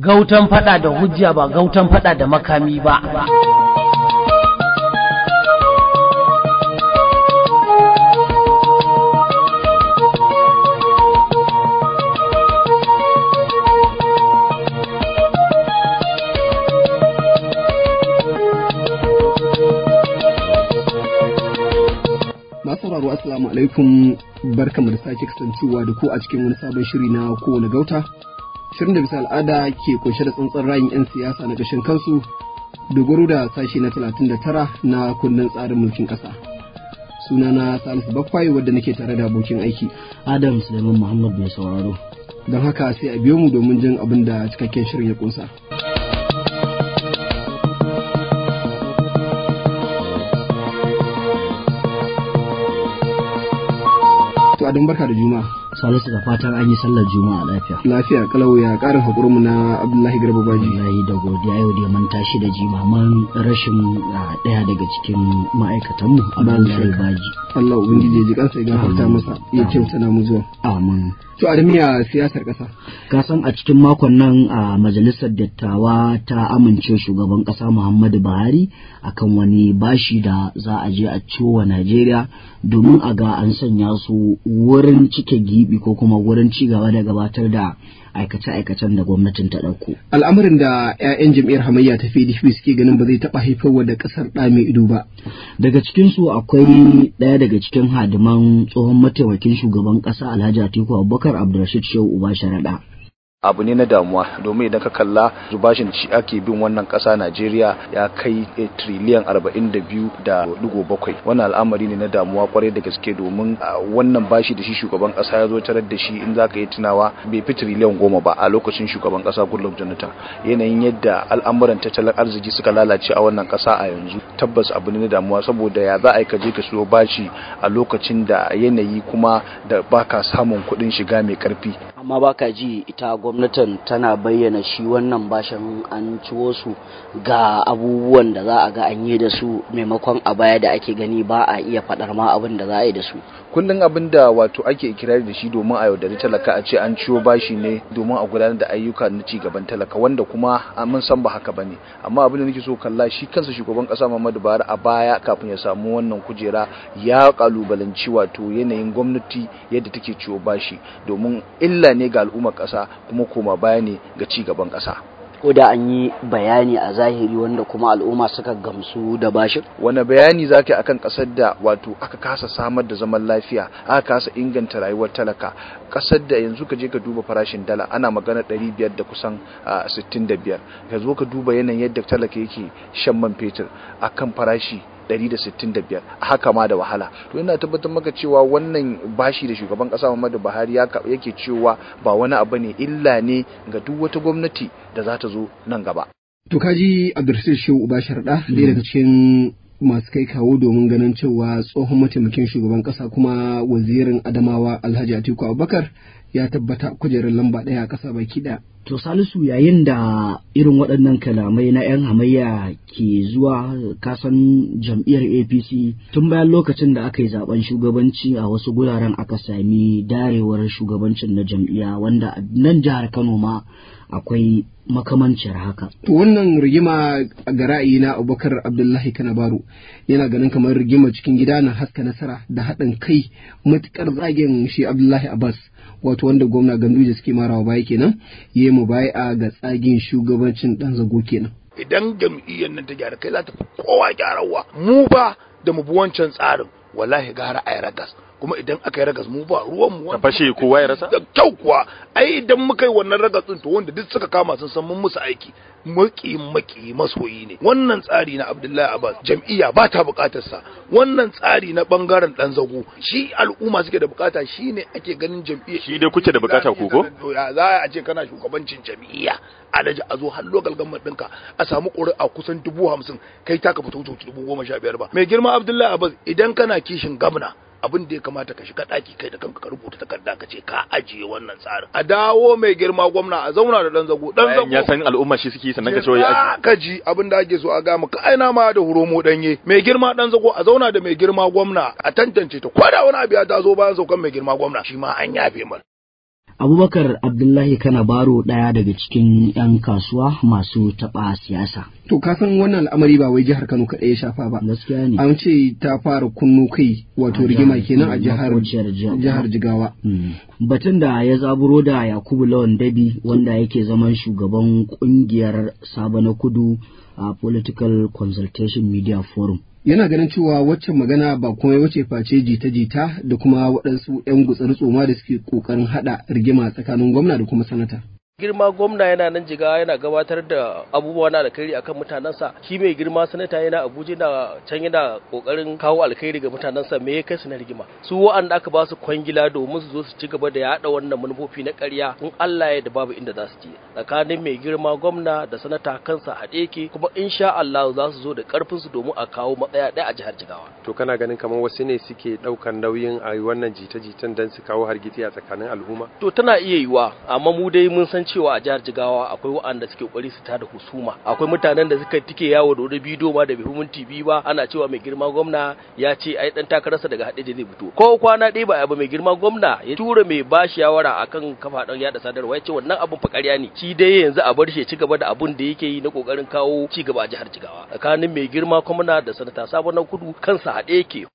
gautan faɗa da hujja ba gautan faɗa da makami ba sauraro assalamu alaikum barkamu da sake kasancewa da ku a cikin wani sabon shiri na kowane gauta shirin da bisa al'ada ke kunshe da tsantsan rayin 'yan siyasa na gashin kansu dogaro da sashi na 39 na kundin tsarin mulkin ƙasa. Sunana Salisu Bakwai wadda nake tare da abokin aiki. Adam Suleiman Muhammad mai sauraro. Don haka sai a biyo mu domin jin abin da cikakken shirin ya ƙunsa. don barka da Juma'a. Salisu da fatan an yi sallar Juma'a lafiya. Lafiya kalau ya karin hakurin mu na Abdullahi Garba Baji. Wallahi da godiya yau da mun tashi da jimaman rashin daya ah, daga cikin ma'aikatan mu Abdullahi Baji. Allah ubangiji ya ji kansa ya gafarta masa ya kyauta na mu zuwa. Amin. To Adamiya siyasar kasa. Ka san a cikin makon nan a majalisar dattawa ta amince shugaban kasa Muhammadu Buhari akan wani bashi da za a je a ciwo Najeriya domin a ga an sanya su wurin cike gibi ko kuma wurin ci gaba da gabatar da aikace-aikacen da gwamnatin ta ɗauko. Al'amarin da 'ya'yan jam'iyyar hamayya ta PDP suke ganin ba zai taɓa haifarwa da ƙasar ɗa mai ido ba. Daga cikin su akwai ɗaya daga cikin hadiman tsohon mataimakin shugaban ƙasa Alhaji Atiku Abubakar Abdulrashid Shehu Uba Sharaɗa. abu ne na damuwa domin idan ka kalla zubashin ci ake bin wannan kasa Najeriya ya kai eh, triliyan arba'in da bakwai wannan al'amari ne na damuwa kwarai da gaske domin wannan bashi da shi shugaban kasa ya zo tarar da shi in za ka yi tunawa bai fi triliyan goma ba a lokacin shugaban kasa Goodluck Jonathan yanayin yadda al'amuran tattalin arziki suka lalace a wannan kasa a yanzu tabbas abu ne na damuwa saboda ya za a yi ka je ka siyo bashi a lokacin da yanayi kuma da baka samun kuɗin shiga mai karfi amma baka ji ita gwamnati gwamnatin tana bayyana shi wannan bashin an ciwo su ga abubuwan da za a ga an yi da su maimakon a baya da ake gani ba a iya faɗar ma abin da za a yi da su kullum abin da wato ake kirari da shi domin a yaudari talaka a ce an ciwo bashi ne domin a gudanar da ayyuka na ci gaban talaka wanda kuma mun san ba haka bane amma abin da nake so kalla shi kansa shugaban kasa Muhammadu Buhari a baya kafin ya samu wannan kujera ya kalubalanci wato yanayin gwamnati yadda take ciwo bashi domin illa ne ga al'ummar kasa kuma kuma koma baya ga ci gaban ƙasa ko da an yi bayani a zahiri wanda kuma al'umma suka gamsu da bashi wani bayani zaki akan ƙasar da wato aka kasa samar da zaman lafiya aka kasa inganta rayuwar talaka ƙasar da yanzu ka je ka duba farashin dala ana magana biyar da kusan 65 ka zo ka duba yanayin yadda talaka yake shan man fetur akan farashi 165 haka ma da wahala to ina tabbatar maka cewa wannan bashi da shugaban kasa Muhammadu Buhari yake cewa ba wani abu ne illa ne ga duk wata gwamnati da za ta zo nan gaba to kaji Abdulrasheed Shehu Ubashar da daga cikin masu kai kawo domin ganin cewa tsohon mataimakin shugaban kasa kuma wazirin Adamawa Alhaji Atiku Abubakar ya tabbata kujerar lamba daya a kasa baki daya. To Salisu yayin da irin waɗannan kalamai na 'yan hamayya ke zuwa kasan jam'iyyar APC tun bayan lokacin da aka yi zaben shugabanci a wasu guraren aka sami darewar shugabancin na jam'iyya wanda nan jihar Kano ma akwai makamancin haka. wannan rigima ga ra'ayina na Abubakar Abdullahi Kanabaru yana ganin kamar rigima cikin gida na haska nasara da haɗin kai matuƙar zagin shi Abdullahi Abbas wato wanda gwamna Ganduje suke marawa baya kenan yayi mu baya ga tsagin shugabancin dan zago kenan. Idan jam'iyyar nan ta gyara kai za ta kowa gyarawa mu ba da mu bi wancan tsarin wallahi gara a ragas kuma idan aka yi ragas mu ba ruwan mu wanda fashe kowa ya rasa da kyau kuwa ai idan muka yi wannan ragas din to wanda duk suka kama sun san mun musu aiki maki maki masoyi ne wannan tsari na Abdullahi Abbas jam'iyya ba ta bukatar sa wannan tsari na bangaren dan zago shi al'umma suke da bukata shine ake ganin jam'iyya shi dai kuke da bukata ku ko za a ce kana shugabancin jam'iyya alaji a zo hallo lokal dinka a samu ƙuri'a kusan dubu hamsin kai taka fito dubu goma sha biyar ba mai girma Abdullahi Abbas idan kana kishin gamna abin da ya kamata ka shiga ɗaki kai da kanka ka rubuta takarda ka ce ka ajiye wannan tsarin a dawo mai girma gwamna a zauna da dan zago dan zago ya san al'umma shi suke sannan ka ce wai ka ji abin da ake so a ga Ka aina ma da huromo danye mai girma dan zago a zauna da mai girma gwamna a tantance ta da wani abu ya tazo bayan saukan mai girma gwamna shi ma an yafe mal abubakar abdullahi kana baro ɗaya daga cikin 'yan kasuwa masu taɓa siyasa to kasan wannan al'amari ba wai jihar kano kaɗai ya shafa ba gaskiya ne an ce ta fara kunnu kai wato rigima kenan a jihar jihar jigawa hmm. batun da ya zaburo da yakubu lawan dabi wanda yake zaman shugaban kungiyar sabo kudu a political consultation media forum yana ganin cewa waccan magana ba kuma wace face jita-jita da kuma waɗansu 'yan gutsar tsoma da suke ƙoƙarin haɗa rigima tsakanin gwamna da kuma sanata girma gwamna yana nan jiga yana gabatar da abubuwa na alkhairi akan mutanensa shi mai girma sanata yana abuja na can yana kokarin kawo alkhairi ga mutanensa me ya kai su na rigima su wa'anda aka ba su kwangila domin su zo su ci gaba da yaɗa wannan manufofi na ƙarya in Allah ya da babu inda za su je tsakanin mai girma gwamna da sanata kansa a yake kuma insha Allah za su zo da karfin su domin a kawo matsaya ɗaya a jihar Jigawa to kana ganin kamar wasu ne suke ɗaukan nauyin a wannan jita-jitan dan su kawo hargitsi a tsakanin al'umma to tana iya yiwa amma mu dai mun san san cewa a jihar Jigawa akwai waɗanda suke ƙwari su tada husuma akwai mutanen da suka tike yawo da wani bidiyo ma da bai TV biyu ba ana cewa mai girma gwamna ya ce ai dan takararsa daga haɗe zai fito ko kwana ɗaya ba abu mai girma gwamna ya tura mai ba shawara akan kafaɗan yaɗa sadarwa ya ce wannan abun fa ƙarya ne shi dai yanzu a bar shi ya ci gaba da abun da yake yi na ƙoƙarin kawo ci gaba a jihar Jigawa tsakanin mai girma gwamna da sanata sabon kudu kansa haɗe yake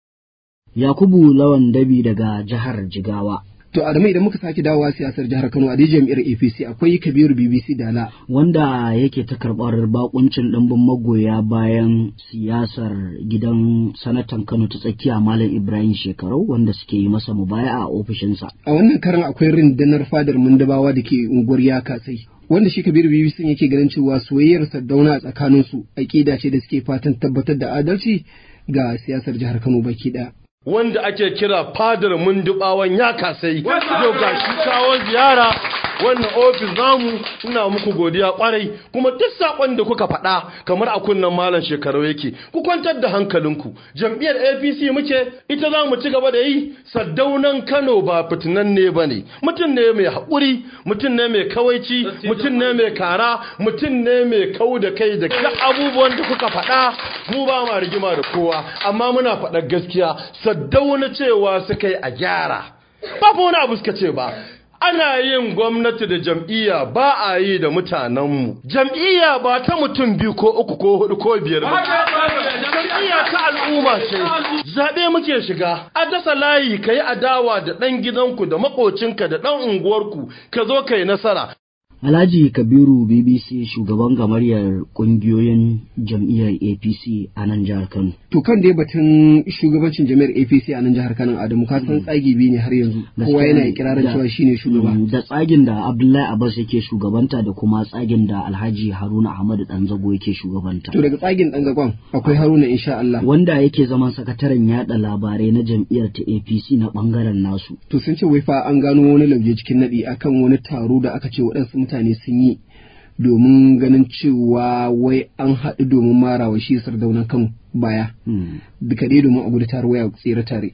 Yakubu Lawan Dabi daga jihar Jigawa. To Adamu idan muka sake dawowa siyasar jihar Kano a jam'iyyar APC akwai Kabiru BBC Dala. Wanda yake ta karɓar bakuncin ɗimbin magoya bayan siyasar gidan sanatan Kano ta tsakiya Malam Ibrahim Shekarau wanda suke yi masa mubaya a ofishinsa. A wannan karan akwai rindanar fadar mundabawa da ke unguwar sai. wanda shi kabiru BBC sun yake ganin cewa soyayyar saddauna a tsakaninsu aƙida ce da suke fatan tabbatar da adalci ga siyasar jihar kano baki ɗaya wanda ake kira fadar mundubawan ya kasai yau gashi kawo ziyara wannan ofis namu ina muku godiya kwarai kuma duk sakon da kuka faɗa kamar a kunnan malam shekaru yake ku kwantar da hankalinku jam'iyyar APC muke ita za mu ci gaba da yi saddaunan Kano ba fitinan ne bane mutum ne mai haƙuri mutum ne mai kawaici mutum ne mai kara mutum ne mai kau da kai da duk abubuwan da kuka faɗa mu ba ma rigima da kowa amma muna faɗar gaskiya saddauna cewa suka yi a gyara ba wani abu suka ce ba ana yin gwamnati da jam'iyya ba a yi da mutanenmu jam'iyya ba ta mutum biyu ko uku ko hudu ko biyar ba jam'iyya ta al'umma ce zaɓe muke shiga a dasa layi ka yi adawa da ɗan gidanku da maƙocinka da ɗan unguwarku ka zo ka yi nasara Alhaji Kabiru BBC shugaban gamaryar kungiyoyin jam'iyyar APC a nan jihar Kano. To kan dai batun shugabancin jam'iyyar APC a nan jihar Kano Adamu ka san hmm. tsagi biyu ne har yanzu kowa yana ikirarin cewa shine shugaba. Hmm, da tsagin da Abdullahi Abbas yake shugabanta da kuma tsagin da Alhaji Haruna Ahmadu Danzago yake shugabanta. To daga tsagin Danzagon akwai Haruna insha Allah. Wanda yake zaman sakataren yada labarai na jam'iyyar ta APC na bangaren nasu. To sun ce wai fa an gano wani lauje cikin nadi akan wani taro da aka ce waɗansu mutane sun yi domin ganin cewa wai an haɗu domin marawa shi sardaunan kan baya hmm. duka dai domin a gudu tare waya tsere tare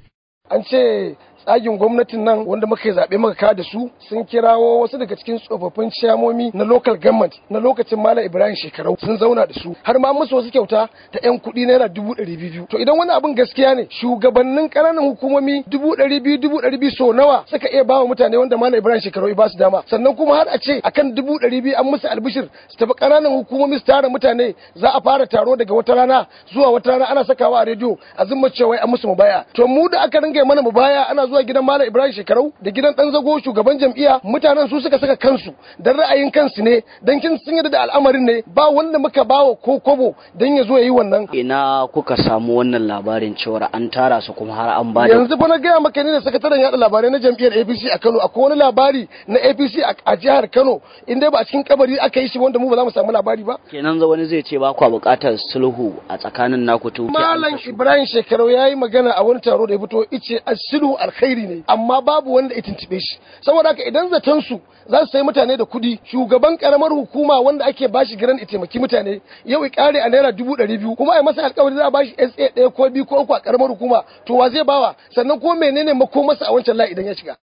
an ce tsagin gwamnatin nan wanda muka zaɓe muka ka da su sun kirawo wasu daga cikin tsofaffin ciyamomi na local government na lokacin Malam Ibrahim Shekarau sun zauna da su har ma musu wasu kyauta ta 'yan kuɗi naira dubu ɗari biyu. To idan wani abin gaskiya ne shugabannin ƙananan hukumomi dubu ɗari biyu dubu ɗari biyu so nawa suka iya bawa mutane wanda Malam Ibrahim Shekarau ba su dama sannan kuma har a ce akan dubu ɗari biyu an musu albishir su tafi ƙananan hukumomi su tara mutane za a fara taro daga wata rana zuwa wata rana ana sakawa a rediyo a zumma cewa an musu mubaya to mu da aka ringa mana mubaya ana zuwa zuwa gidan Malam Ibrahim Shekarau da gidan Dan Zago shugaban jam'iyya mutanen su suka saka kansu dan ra'ayin kansu ne dan kin sun yarda da al'amarin ne ba wanda muka bawa ko kobo dan ya zo yayi wannan ina kuka samu wannan labarin cewa an tara su kuma har an bada yanzu fa na gaya maka ne da sakataren yada labarai na jam'iyyar APC a Kano akwai wani labari na APC a jihar Kano in dai ba a cikin kabari aka yi shi wanda mu ba za mu samu labari ba kenan za wani zai ce ba kwa bukatar sulhu a tsakanin naku tuki Malam Ibrahim Shekarau yayi magana a wani taro da ya fito ice sulhu alkhairi ne amma babu wanda ya tuntube shi saboda haka idan zaton su za su sai mutane da kuɗi shugaban karamar hukuma wanda ake bashi giran ya taimaki mutane yau ya kare a naira dubu ɗari biyu kuma a masa alkawari za a bashi SA ɗaya ko biyu ko uku a karamar hukuma to wa zai bawa sannan ko menene masa a wancan layi idan ya shiga.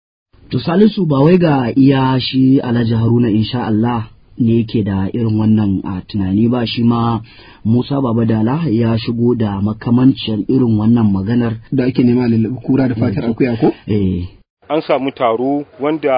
To Salisu ba wai ga iya shi Alhaji Haruna insha Allah ne ke da irin wannan a tunani ba shi ma Musa baba dala ya shigo da makamancin irin wannan maganar da ake nema lallabi kura da fatar eh. akuya ko eh an samu taro wanda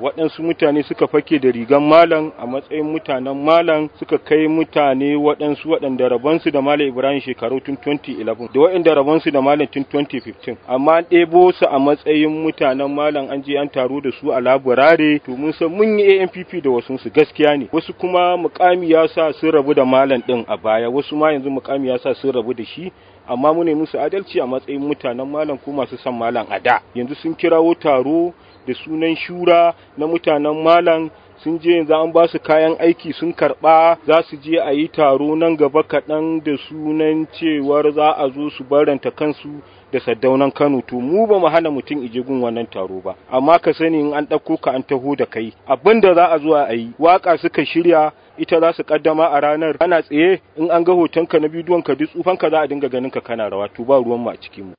waɗansu mutane suka fake da rigan malam a matsayin mutanen malam suka kai mutane waɗansu waɗanda rabonsu da malam ibrahim shekaru tun 2011 da waɗanda rabonsu da malam tun 2015 amma an ɗebo su a matsayin mutanen malam an je an taro da su a laburare to mun san mun yi ampp da wasu su gaskiya ne wasu kuma mukami ya sa sun rabu da malam ɗin a baya wasu ma yanzu mukami ya sa sun rabu da shi amma mu ne musu adalci a matsayin mutanen malam ko masu son malam a da yanzu sun kirawo taro da sunan shura na mutanen malam sun je yanzu an ba su kayan aiki sun karɓa za su je a yi taro nan gaba kaɗan da sunan cewar za a zo su baranta kansu da saddaunan Kano to mu ba mu hana mutum ije gun wannan taro ba amma ka sani in an ɗauko ka an taho da kai abinda za a zo a yi waka suka shirya ita za su kaddama a ranar ana tsaye in an ga hotonka na bidiyon ka duk tsufanka za a dinga ganin ka kana rawa to ba ruwan mu a cikin mu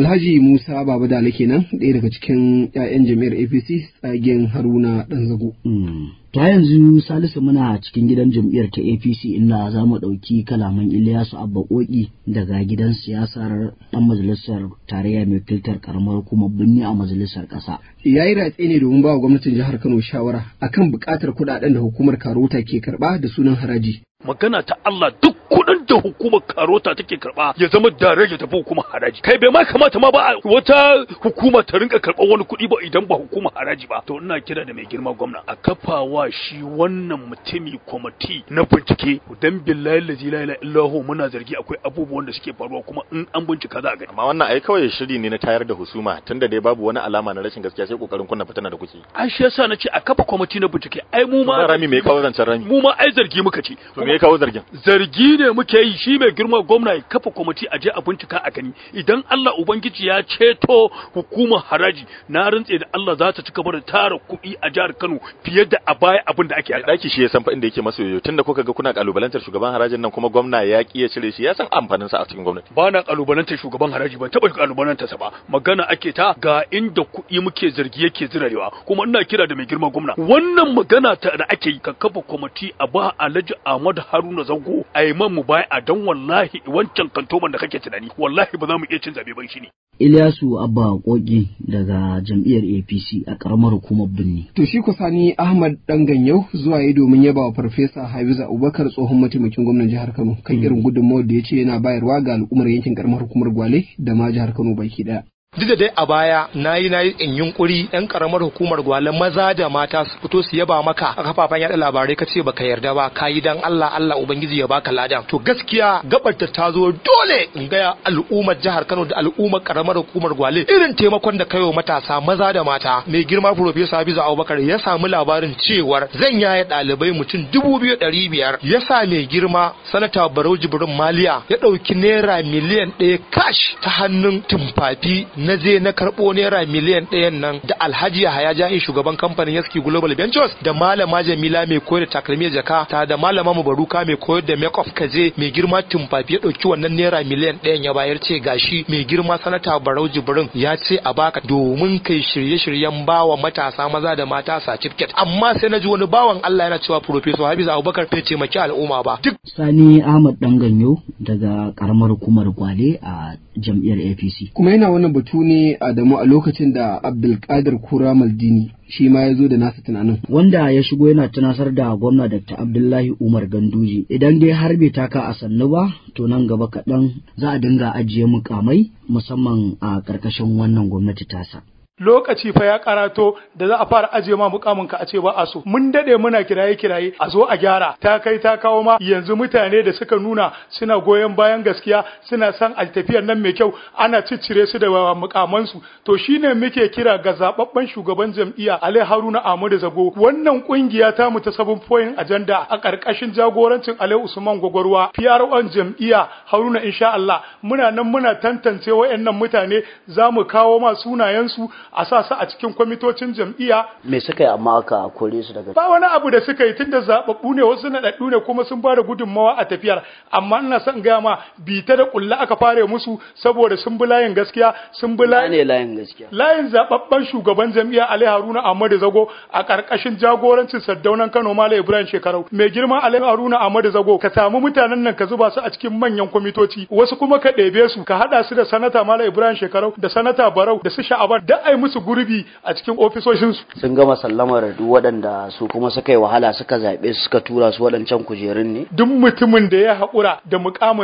Alhaji Musa Baba Dale kenan ɗaya daga cikin 'ya'yan jami'ar APC tsagen Haruna ɗan zago. Hmm. Ta yanzu Salisu muna cikin gidan jam'iyyar ta APC inda za mu ɗauki kalaman Ilyasu Abba Koki daga gidan siyasar ɗan majalisar tarayya mai filtar karamar kuma binni a majalisar ƙasa. Ya yi ratse ne domin ba wa gwamnatin jihar Kano shawara akan buƙatar kuɗaɗen da hukumar Karota ke karɓa da sunan haraji. magana ta Allah duk kuɗin da hukumar karota take karɓa ya zama dare ya tafi hukumar haraji kai bai ma kamata ma ba wata hukuma ta rinka karɓar wani kuɗi ba idan ba hukumar haraji ba to ina kira da mai girma gwamna a kafawa shi wannan mutumi kwamiti na bincike dan billahi la ilaha illallah muna zargi akwai abubuwan da suke faruwa kuma in an bincika za a gani amma wannan ai kawai shiri ne na tayar da husuma tunda dai babu wani alama na rashin gaskiya sai kokarin kunna fitana da kuke ai shi yasa nace a kafa kwamiti na bincike ai mu ma rami me kawo zancen rami mu ma ai zargi muka ce me ya kawo zargin zargi ne muke yi shi mai girma gwamna ya kafa kwamiti a je a bincika a gani idan Allah ubangiji ya ceto hukumar haraji na rantse da Allah za ta ci gaba da tara kuɗi a jihar Kano fiye da a baya abin da ake daki shi ya san fa inda yake masa yoyo tunda kuka ga kuna kalubalantar shugaban harajin nan kuma gwamna ya ki cire shi ya san amfanin sa a cikin gwamnati ba na kalubalantar shugaban haraji ba taba kalubalantar sa ba magana ake ta ga inda kuɗi muke zargi yake zirarewa kuma ina kira da mai girma gwamna wannan magana ta da ake yi ka kafa kwamiti a ba Alhaji Ahmad da Haruna Zango a yi man mu bai a dan wallahi wancan kantoman da kake tunani wallahi ba za mu iya cin zabe ban shi ne Ilyasu Abba Kogi daga jam'iyyar APC a ƙaramar hukumar Birni. To shi ku sani Ahmad Danganyau zuwa yi domin yaba wa Farfesa Hafiza Abubakar tsohon mataimakin gwamnan jihar Kano kan hmm. irin gudunmawar da ya ce yana bayarwa ga al'ummar yankin ƙaramar hukumar Gwale da ma jihar Kano baki ɗaya. duk da dai a baya na yi na yi in yunkuri yan karamar hukumar gwale maza da mata su fito su yaba maka a kafafen yaɗa labarai ka ce baka yarda ba ka yi dan Allah Allah ubangiji ya baka lada. to gaskiya gabar ta ta zo dole in gaya al'ummar jihar Kano da al'ummar karamar hukumar gwale irin taimakon da kayo matasa maza da mata mai girma Profesa Abiza Abubakar ya samu labarin cewar zan yaya ɗalibai mutum dubu biyu ɗari biyar. ya sa mai girma sanata Barau Jibrin Maliya ya ɗauki naira miliyan ɗaya kash ta hannun tumfafi na je na karɓo naira miliyan ɗayan nan da alhaji yahaya jahi shugaban kamfanin yaski global ventures da malama jamila mai koyar da takalmi jaka ta da malama mubaruka mai koyar da makeup kaje mai girma tumfafi ya ɗauki wannan naira miliyan ɗayan ya bayar ce gashi mai girma sanata barau jibrin ya ce a baka domin kai shirye-shiryen bawa matasa maza da mata certificate amma sai na ji wani bawan Allah yana cewa professor Hafizu Abubakar bai taimaki al'umma ba duk Sani Ahmad Danganyo daga karamar hukumar Gwale a jam'iyyar APC kuma yana wannan batu rubutu ne Adamu a lokacin da Abdulkadir Kura Maldini shi ma ya zo da nasa tunanin. Wanda ya shigo yana tunasar da gwamna Dr. Abdullahi Umar Ganduji, idan dai har bai taka a sannu ba to nan gaba kaɗan za a dinga ajiye mukamai musamman a ƙarƙashin wannan gwamnati tasa. lokaci fa ya karato da za a fara ajiye ma mukamin ka a ce ba a so mun dade muna kiraye kiraye a zo a gyara ta kai ta kawo ma yanzu mutane da suka nuna suna goyon bayan gaskiya suna san altafiyar nan mai kyau ana ciccire su da mukaman su to shine muke kira ga zaɓaɓɓen shugaban jam'iyya Ali Haruna Ahmadu Zago wannan kungiya ta mu ta sabon point agenda a karkashin jagorancin Ali Usman Gwagwarwa PRO jam'iyya Haruna insha Allah muna nan muna tantance wayannan mutane za mu kawo ma sunayen su a sa su a cikin kwamitocin jam'iyya me suka yi amma aka kore su daga ba wani abu da suka yi tunda zababbu ne wasu naɗaɗɗu ne kuma sun ba da gudunmawa a tafiyar amma ina son gaya ma bita da kulla aka fare musu saboda sun bi layin gaskiya sun bi layin layin gaskiya layin zababban shugaban jam'iyya Ali Haruna Ahmadu Zago a karkashin jagorancin Saddaunan Kano Malam Ibrahim Shekarau mai girma Ali Haruna Ahmadu Zago ka samu mutanen nan ka zuba su a cikin manyan kwamitoci wasu kuma ka ɗebe su ka haɗa su da sanata Malam Ibrahim Shekarau da sanata Barau da su Sha'aban da ai musu gurbi a cikin ofisoshinsu. Sun gama sallamar duk waɗanda su kuma suka yi wahala suka zaɓe suka tura su waɗancan kujerun ne? Duk mutumin da ya haƙura da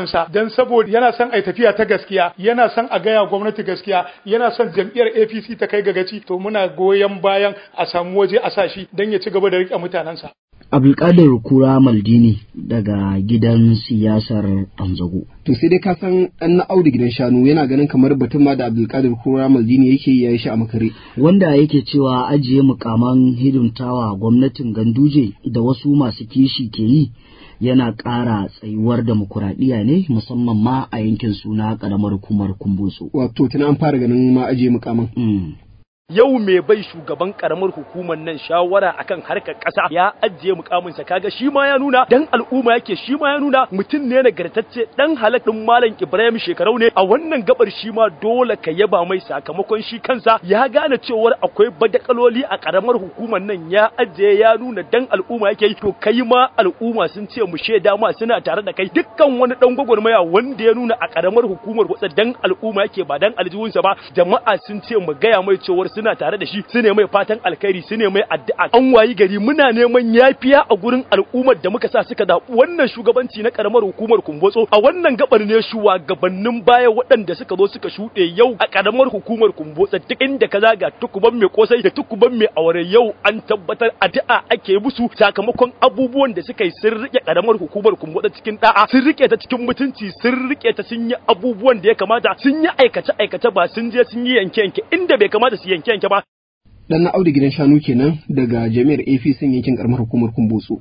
sa don saboda yana son a tafiya ta gaskiya, yana son a gaya gwamnati gaskiya, yana son jam'iyyar APC ta kai gagaci to muna goyon bayan a samu waje a sa shi don ya ci gaba da riƙe mutanensa. Abdulkadir Kura Maldini daga gidan siyasar Anzago. To sai dai ka san an na gidan shanu yana ganin kamar batun ma da Abdulkadir Kura Maldini yake ya yi shi a makare. Wanda yake cewa ajiye mukaman hidimtawa gwamnatin Ganduje da wasu masu kishi ke yi yana ƙara tsayuwar mukuraɗiya ne musamman ma a yankin suna ƙaramar kumar kumbusu Wato tana an fara ganin ma ajiye mukaman. Mm. yau mai bai shugaban karamar hukumar nan shawara akan harkar kasa ya ajiye mukaminsa kaga shi ma ya nuna dan al'umma yake shi ma ya nuna mutum ne na nagartacce dan halakin malam Ibrahim shekarau ne a wannan gabar shi ma dole ka yaba mai sakamakon shi kansa ya gane cewar akwai badakaloli a karamar hukumar nan ya ajiye ya nuna dan al'umma yake to kai ma al'umma sun ce mu shaida ma suna tare da kai dukkan wani dan gwagwarmaya wanda ya nuna a karamar hukumar watsa dan al'umma yake ba dan aljihunsa ba jama'a sun ce mu gaya mai cewar suna tare da shi su ne mai fatan alkhairi su ne mai addu'a an wayi gari muna neman yafiya a gurin al'ummar da muka sa suka zaɓi wannan shugabanci na karamar hukumar kumbotso a wannan gabar ne shugabannin baya waɗanda suka zo suka shuɗe yau a karamar hukumar kumbotso duk inda ka zaga tukuban mai kosai da tukuban mai aure yau an tabbatar addu'a ake musu sakamakon abubuwan da suka yi sun rike karamar hukumar kumbotso cikin da'a sun rike ta cikin mutunci sun rike ta sun yi abubuwan da ya kamata sun yi aikace aikace ba sun je sun yi yanke yanke inda bai kamata su yanke yanke yanke ba dan na gidan shanu kenan daga jami'ar APC yankin karamar hukumar Kumbotso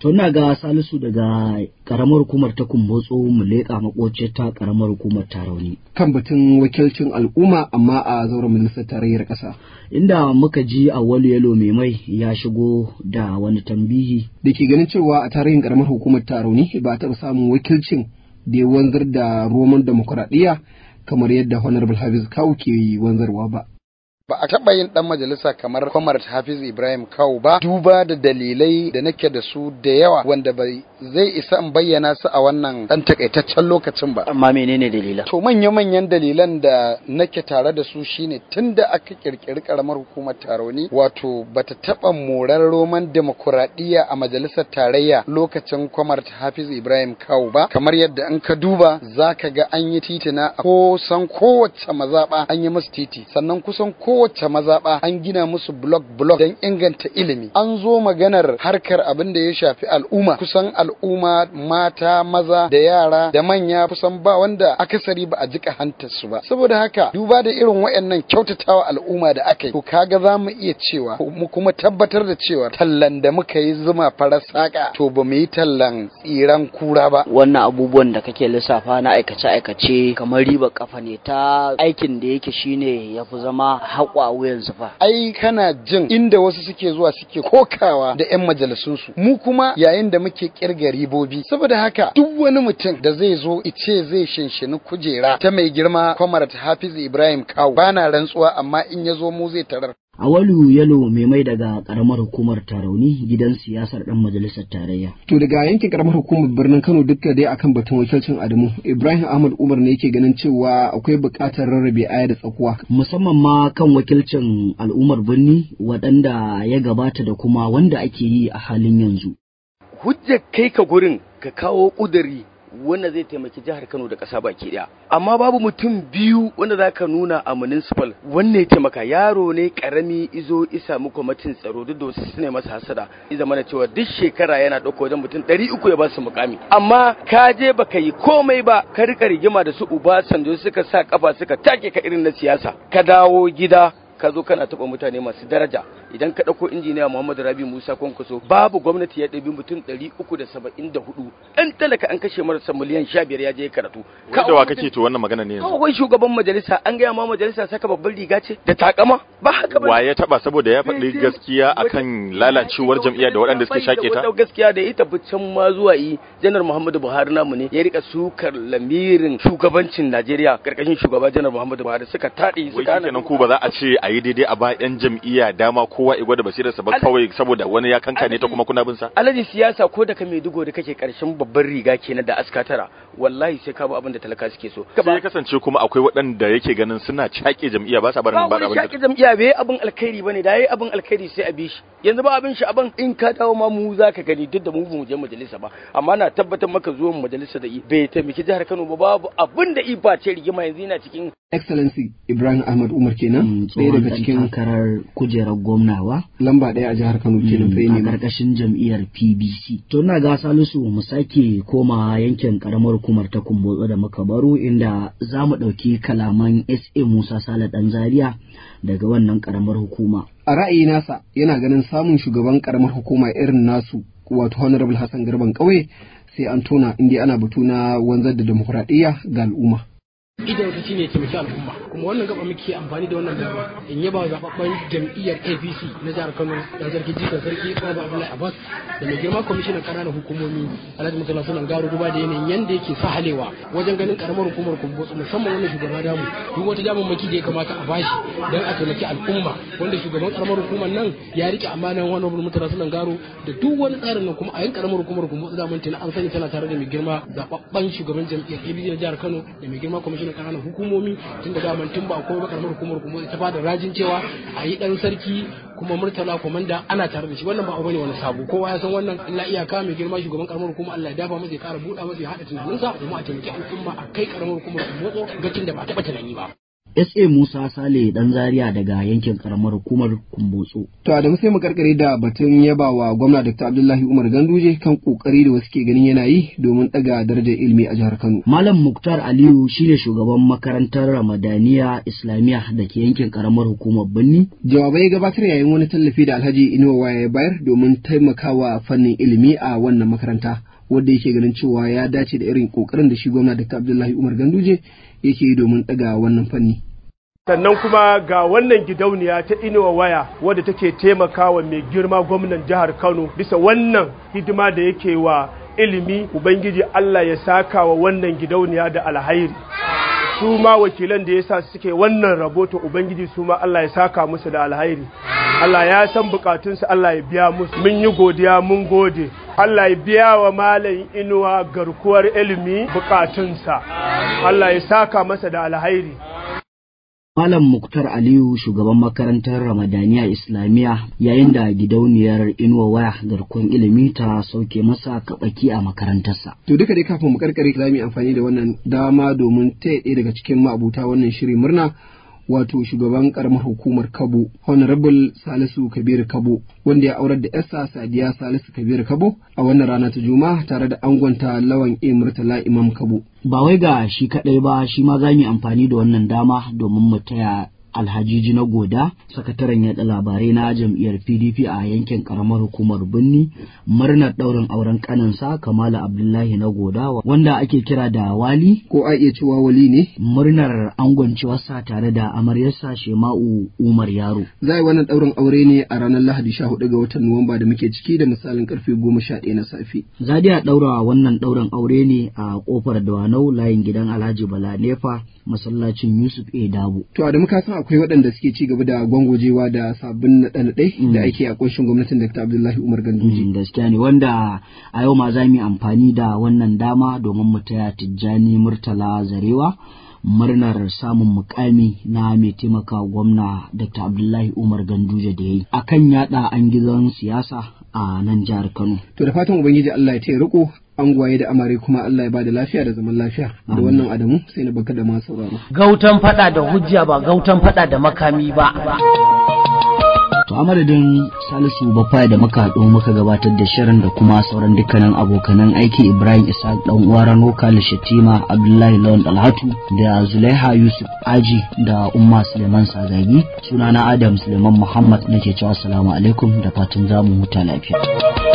to ina ga Salisu daga karamar hukumar ta Kumbotso mu leƙa makoce ta karamar hukumar Tarauni kan batun wakilcin al'umma amma a zauren ministan tarayyar ƙasa inda muka ji a wani Yalo mai mai ya shigo da wani tambihi da ke ganin cewa a tarihin karamar hukumar Tarauni ba taɓa samun wakilcin da ya wanzar da roman demokuraɗiyya kamar yadda honorable hafiz kawu ke wanzarwa ba ba a taɓa yin ɗan majalisa kamar kwamar hafiz ibrahim kawu ba duba da dalilai da nake da su da yawa wanda bai zai isa in bayyana su a wannan ɗan takaitaccen lokacin ba amma menene dalilan to manya-manyan dalilan da nake tare da su shine tun da aka kirkiri karamar hukumar taroni wato bata taɓa morar roman demokuraɗiyya a majalisar tarayya lokacin kwamar hafiz ibrahim kawu ba kamar yadda in ka duba za ka ga an yi titina a kusan kowace mazaɓa an yi musu titi sannan kusan ko kowace mazaɓa an gina musu blog blog don inganta ilimi an zo maganar harkar abin da ya shafi al'umma kusan al'umma mata maza da yara da manya kusan ba wanda akasari ba a jika hantar su ba saboda haka duba da irin waɗannan kyautatawa al'umma da aka yi to kaga za mu iya cewa mu kuma tabbatar da cewa tallan da muka yi zuma farar saƙa to ba mu yi tallan tsiran kura ba wannan abubuwan da kake lissafa na aikace aikace kamar riba kafa ne ta aikin da yake shine ya fi zama sako a wuyansu fa ai kana jin inda wasu suke zuwa suke kokawa da yan majalisunsu, mu kuma yayin da muke kirga ribobi saboda haka duk wani mutum da zai zo ice zai shinshini kujera ta mai girma kwamarat hafiz ibrahim kawu bana rantsuwa amma in ya zo mu zai tarar Awalu Yalo mai mai daga karamar hukumar Tarauni gidan siyasar dan majalisar tarayya. To daga yankin karamar hukumar birnin Kano dukka dai akan batun wakilcin Adamu Ibrahim Ahmad Umar ne yake ganin cewa akwai buƙatar rarrabe aya da tsakuwa. Musamman ma kan wakilcin al'ummar birni waɗanda ya gabata da kuma wanda ake yi a halin yanzu. Hujjar kai ka gurin ka kawo ƙuduri wanda zai taimaki jihar Kano da ƙasa baki ɗaya. Amma babu mutum biyu wanda za ka nuna a municipal Wannan ya taimaka yaro ne ƙarami izo isa muku matin tsaro duk da wasu suna masa hasada. I zamana cewa duk shekara yana ɗauko wajen mutum ɗari uku ya ba su mukami. Amma ka je baka yi komai ba ka riƙa rigima da su uba sanjo suka sa ƙafa suka take ka irin na siyasa. Ka dawo gida ka zo kana taɓa mutane masu daraja. idan ka ɗauko injiniya Muhammadu Rabi Musa Kwankwaso babu gwamnati ya ɗabi mutum ɗari uku da saba'in da hudu ɗan talaka an kashe marasa miliyan sha biyar ya je karatu. ka da wa to wannan magana ne yanzu? Kawai shugaban majalisa an gaya ma majalisa saka babban riga ce da takama ba haka ba. Wa ya taɓa saboda ya faɗi gaskiya akan lalacewar jam'iyya da waɗanda suke shaƙe ta? Gaskiya da ita buccan ma zuwa yi janar Muhammadu Buhari namu ne ya rika sukar lamirin shugabancin Najeriya karkashin shugaba janar Muhammadu Buhari suka taɗe suka. Wai ku ba za a ce a yi daidai a ba 'yan jam'iyya dama ko kowa ya gwada basirarsa ba kawai saboda wani ya kanka ne ta kuma kuna bin sa alaji siyasa ko da ka mai dugo da kake karshen babban riga kenan da aska tara wallahi sai ka bi abin da talaka suke so sai ya kasance kuma akwai waɗanda yake ganin suna cake jam'iyya ba sa barin ba abin cake jam'iyya bai abin alkhairi bane da yayi abin alkhairi sai a bi shi yanzu ba abin shi abin in ka dawo ma mu za ka gani duk da mu mu je majalisa ba amma na tabbatar maka zuwan majalisa da bai taimaki jihar Kano ba babu abin da ba ce rigima yanzu yana cikin Excellency Ibrahim Ahmad Umar kenan mm, ɗaya daga cikin takarar kujerar gwamnawa lamba ɗaya a jihar Kano ke fa ne ƙarƙashin jam'iyyar PBC to na ga Salisu mu sake koma yankin karamar hukumar ta Kumbotso da Makabaru inda za mu ɗauki kalaman SA Musa Sale dan Zaria daga wannan karamar hukuma a ra'ayi nasa yana ganin samun shugaban karamar hukuma irin nasu wato Honorable Hassan Garban kauye sai an tona inda ana batu na wanzar da demokuraɗiyya ga al'umma idan ka shine taimaki al'umma kuma wannan gaba muke amfani da wannan dama in yaba zababban jam'iyyar APC na jihar Kano da sarki jikan sarki Baba Abdullahi Abbas da mai girma kwamishinan ƙananan hukumomi Alhaji Murtala Sunan Garo duba da yanayin yanda yake sahalewa wajen ganin karamar hukumar Kumbotsu musamman wannan shugaba damu duk wata damar maki da ya kamata a bashi don a taimaki al'umma wanda shugaban karamar hukumar nan ya rike amanar wani Alhaji Murtala Sunan Garo da duk wani tsarin nan kuma a yin karamar hukumar Kumbotsu da tana an sani tana tare da mai girma zababban shugaban jam'iyyar APC na jihar Kano da mai girma kwamishinan na kananan hukumomi tun da daman tun ba akwai makaramar hukumar kuma ta ba da rajin cewa a yi dan sarki kuma murtala komanda ana tare da shi wannan ba abu wani sabo kowa ya san wannan Allah iyaka mai girma shugaban karamar hukuma Allah ya dafa masa ya kara buɗa masa ya haɗa tunaninsa kuma a taimaki al'umma a kai karamar hukumar motso gacin da ba a taɓa tunani ba SA Musa Sale dan Zaria daga yankin karamar hukumar Kumbotso. To Adamu sai mu karkare da batun yaba wa gwamna Dr. Abdullahi Umar Ganduje kan kokari da wasu ke ganin yana yi domin daga darajar ilimi a jihar Kano. Malam Muktar Aliyu shine shugaban makarantar Ramadaniya Islamiyya da ke yankin karamar hukumar Birni. Jawabai gabatar yayin wani tallafi da Alhaji Inuwa Waye bayar domin taimakawa fannin ilimi a wannan makaranta. wanda yake ganin cewa ya dace da irin kokarin da shi gwamna Dr. Abdullahi Umar Ganduje yake domin ɗaga wannan fanni. sannan kuma ga wannan gidauniya ta inuwa waya wadda take taimakawa mai girma gwamnan jihar kano bisa wannan hidima da yake wa ilimi ubangiji allah ya saka wa wannan gidauniya da alhairi Suma wakilan da ya sa suke wannan rabota ubangiji su allah ya saka musu da alhairi allah ya san bukatunsu allah ya biya musu mun yi godiya mun gode Allah ya biya wa malam inuwa garkuwar ilimi bukatunsa Allah ya saka masa da alhairi Malam Muktar Aliyu shugaban makarantar Ramadaniya Islamiyya yayin da gidauniyar Inuwa Waya garkuwar ilimi ta sauke masa kabaki a makarantarsa. To duka dai kafin mu karkare za yi amfani da wannan dama domin taya daga cikin ma'abuta wannan shirin murna wato shugaban karamar hukumar Kabo Honorable Salisu Kabir Kabo wanda ya aurar da yarsa Sadiya Salisu Kabir Kabo a wannan rana ta Juma'a tare da angonta Lawan A Murtala Imam Kabo ba wai ga shi kadai ba shi ma za mu amfani da wannan dama domin mu taya alhajiji na goda sakataren yaɗa labarai na jam'iyyar pdp a yankin karamar hukumar birni murnar ɗaurin auren kaninsa kamala abdullahi na goda wanda ake kira da wali ko a iya cewa wali ne murnar angon sa tare da amaryarsa shema'u umar yaro za yi wannan ɗaurin aure ne a ranar lahadi sha hudu ga watan nuwamba da muke ciki da misalin karfe goma sha ɗaya na safe zadiya ɗaura wannan ɗaurin aure ne a ƙofar dawanau layin gidan alhaji bala nefa masallacin Yusuf A Dabo. To Adamu ka san akwai waɗanda suke ci gaba da gwangwajewa da sabbin naɗe-naɗe da mm. ake a ƙunshin gwamnatin ta Abdullahi Umar Ganduje. Mm, gaskiya ne wanda a yau ma za mu yi amfani da wannan dama domin mu taya Tijjani Murtala Zarewa. murnar samun mukami na mai taimaka gwamna Dr. Abdullahi Umar Ganduje da ya yi akan yada an gizon siyasa a nan jihar Kano. To da fatan Ubangiji Allah ya taya riko angwaye da amare kuma Allah ya bada lafiya da zaman lafiya da wannan adamu sai na baka da masu sauraro. gautan fada da hujja ba gautan fada da makami ba to a madadin salisu Bafa da maka haɗu muka gabatar da shirin da kuma sauran dukkanin abokanan aiki ibrahim isa dan uwa rano kalis shatima abdullahi lawan dalhatu da zulaiha yusuf aji da umma suleiman sagagi sunana adam suleiman muhammad nake cewa assalamu alaikum da fatan zamu huta lafiya